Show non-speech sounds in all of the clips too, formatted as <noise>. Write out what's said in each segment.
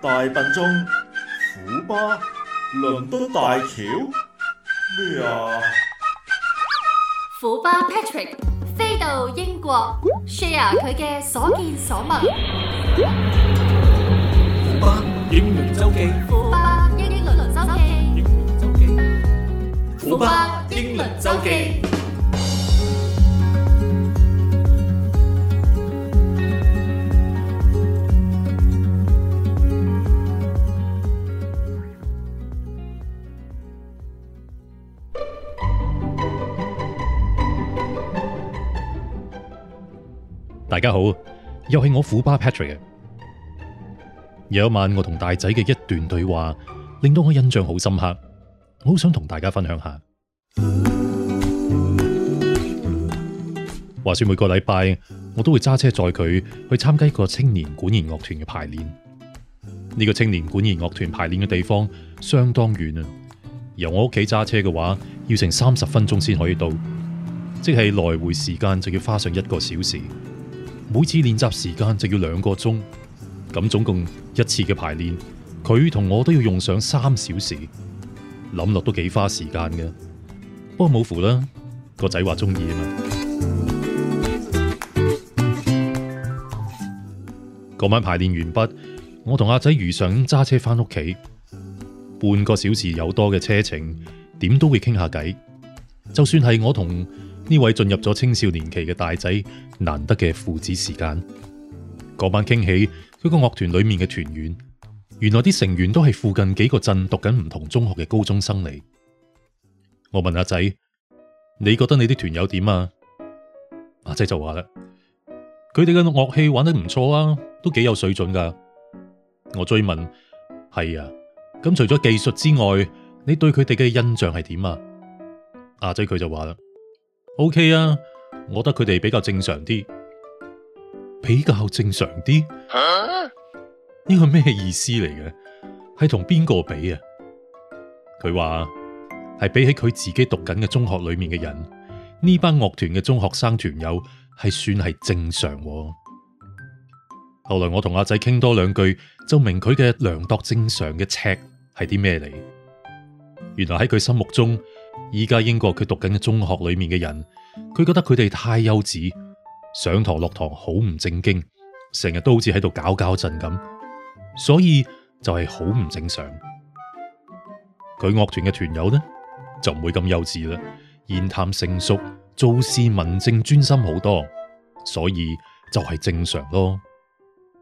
大笨鐘、虎巴、倫敦大橋，咩啊？虎巴 Patrick 飛到英國，share 佢嘅所見所聞。虎巴英倫周記，虎巴英倫周記，虎巴英倫周記。大家好，又係我虎巴 Patrick。有一晚，我同大仔嘅一段對話，令到我印象好深刻，我好想同大家分享下。嗯嗯嗯。話說每個禮拜，我都會揸車載佢去參加一個青年管弦樂團嘅排練。呢個青年管弦樂團排練嘅地方相當遠啊，由我屋企揸車嘅話，要成三十分鐘先可以到，即係來回時間就要花上一個小時。每次練習時間就要兩個鐘，咁總共一次嘅排練，佢同我都要用上三小時，諗落都幾花時間嘅。不過冇符啦，個仔話中意啊嘛。嗰、嗯、晚排練完畢，我同阿仔如常揸車翻屋企，半個小時有多嘅車程，點都會傾下偈，就算係我同。呢位進入咗青少年期嘅大仔，難得嘅父子時間。嗰晚傾起佢個樂團裏面嘅團員，原來啲成員都係附近幾個鎮讀緊唔同中學嘅高中生嚟。我問阿仔，你覺得你啲團友點啊？阿仔就話啦，佢哋嘅樂器玩得唔錯啊，都幾有水準㗎。我追問，係啊，咁除咗技術之外，你對佢哋嘅印象係點啊？阿仔佢就話啦。O、okay、OK 啊，我覺得佢哋比較正常啲，比較正常啲。呢、呢個咩意思嚟嘅？係同邊個比啊？佢話係比起佢自己讀緊嘅中學裏面嘅人，呢班樂團嘅中學生團友係算係正常喎。後來我同阿仔傾多兩句，就明佢嘅量度正常嘅尺係啲咩嚟。原來喺佢心目中。而家英國佢讀緊嘅中學裏面嘅人，佢覺得佢哋太幼稚，上堂落堂好唔正經，成日都好似喺度搞搞震咁，所以就係好唔正常。佢樂團嘅團友呢就唔會咁幼稚啦，言談成熟，做事文靜專心好多，所以就係正常咯。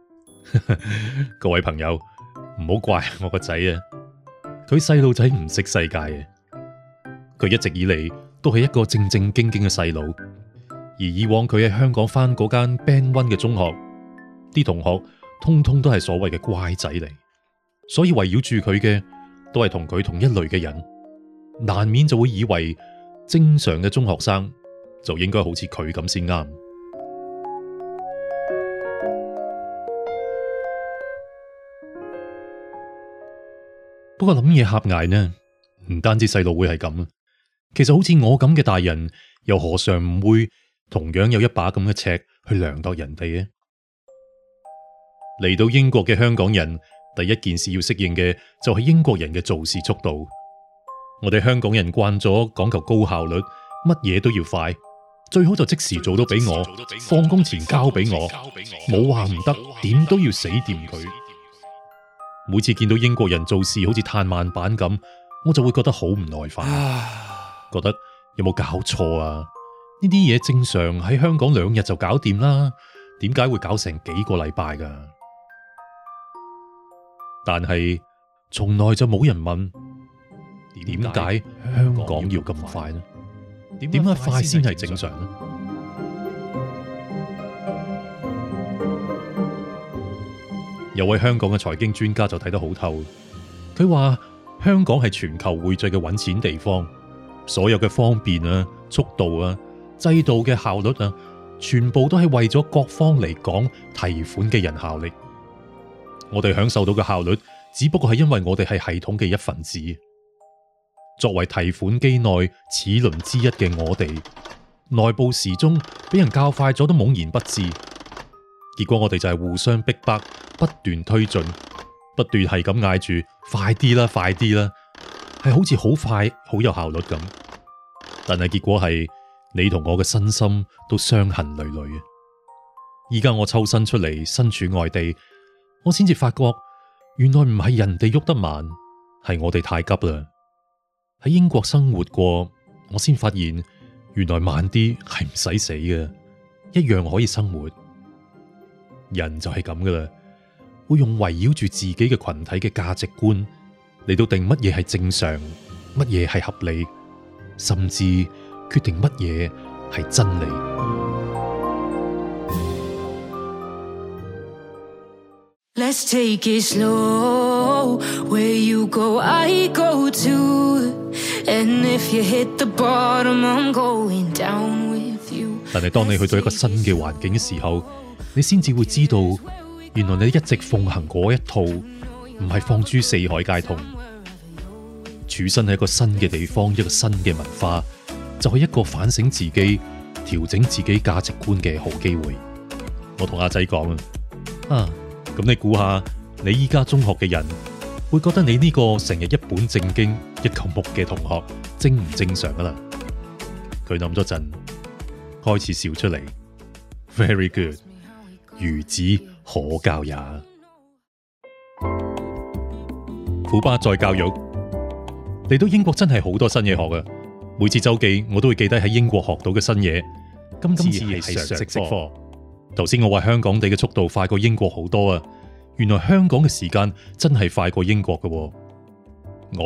<laughs> 各位朋友唔好怪我個仔啊，佢細路仔唔識世界啊。佢一直以嚟都係一個正正經經嘅細路，而以往佢喺香港返嗰間 Band One 嘅中學，啲同學通通都係所謂嘅乖仔嚟，所以圍繞住佢嘅都係同佢同一類嘅人，難免就會以為正常嘅中學生就應該好似佢咁先啱。不過諗嘢狹隘呢，唔單止細路會係咁。其實好似我咁嘅大人，又何嘗唔會同樣有一把咁嘅尺去量度人哋啊？嚟到英國嘅香港人，第一件事要適應嘅就係英國人嘅做事速度。我哋香港人慣咗講求高效率，乜嘢都要快，最好就即時做到俾我，放工前交俾我，冇話唔得，點都要死掂佢。每次見到英國人做事好似嘆慢板咁，我就會覺得好唔耐煩。覺得有冇搞錯啊？呢啲嘢正常喺香港兩日就搞掂啦，點解會搞成幾個禮拜噶？但係從來就冇人問點解香港要咁快呢？點解快先係正常呢？有位香港嘅財經專家就睇得好透，佢話香港係全球匯聚嘅揾錢地方。所有嘅方便啊、速度啊、制度嘅效率啊，全部都係為咗各方嚟講提款嘅人效力。我哋享受到嘅效率，只不過係因為我哋係系統嘅一份子。作為提款機內齒輪之一嘅我哋，內部時鐘俾人校快咗都懵然不知。結果我哋就係互相逼迫，不斷推進，不斷係咁嗌住：快啲啦，快啲啦！係好似好快、好有效率咁，但係結果係你同我嘅身心都傷痕累累啊！依家我抽身出嚟，身處外地，我先至發覺，原來唔係人哋喐得慢，係我哋太急啦。喺英國生活過，我先發現原來慢啲係唔使死嘅，一樣可以生活。人就係咁㗎啦，會用圍繞住自己嘅群體嘅價值觀。嚟到定乜嘢係正常，乜嘢係合理，甚至決定乜嘢係真理。但係當你去到一個新嘅環境嘅時候，你先至會知道，原來你一直奉行嗰一套，唔係放諸四海皆通。處身喺一個新嘅地方，一個新嘅文化，就係、是、一個反省自己、調整自己價值觀嘅好機會。我同阿仔講啊，咁你估下，你依家中學嘅人會覺得你呢個成日一本正經、一嚿木嘅同學正唔正常噶啦？佢諗咗陣，開始笑出嚟。Very good，孺子可教也。虎爸再教育。嚟到英國真係好多新嘢學嘅，每次周記我都會記得喺英國學到嘅新嘢。今次係常識課。頭先我話香港地嘅速度快過英國好多啊，原來香港嘅時間真係快過英國嘅。我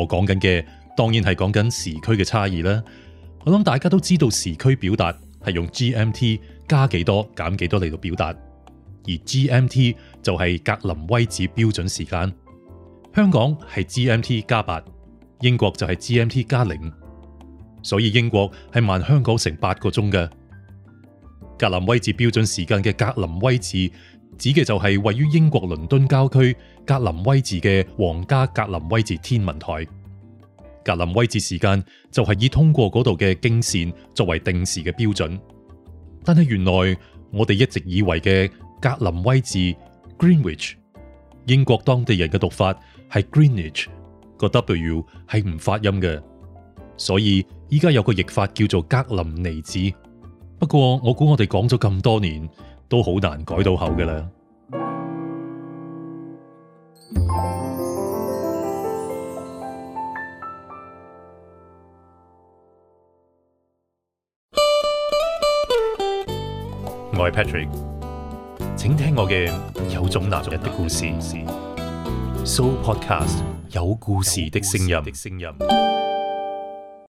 講緊嘅當然係講緊時區嘅差異啦。我諗大家都知道時區表達係用 GMT 加幾多減幾多嚟到表達，而 GMT 就係格林威治標準時間。香港係 GMT 加八。英國就係 GMT 加零，所以英國係慢香港成八個鐘嘅。格林威治標準時間嘅格林威治指嘅就係位於英國倫敦郊區格林威治嘅皇家格林威治天文台。格林威治時間就係以通過嗰度嘅經綫作為定時嘅標準。但係原來我哋一直以為嘅格林威治 （Greenwich），英國當地人嘅讀法係 Greenwich。個 W 係唔發音嘅，所以依家有個譯法叫做格林尼治。不過我估我哋講咗咁多年，都好難改到口嘅啦。我係 Patrick，請聽我嘅有種男人的故事，So Podcast。有故事的聲音。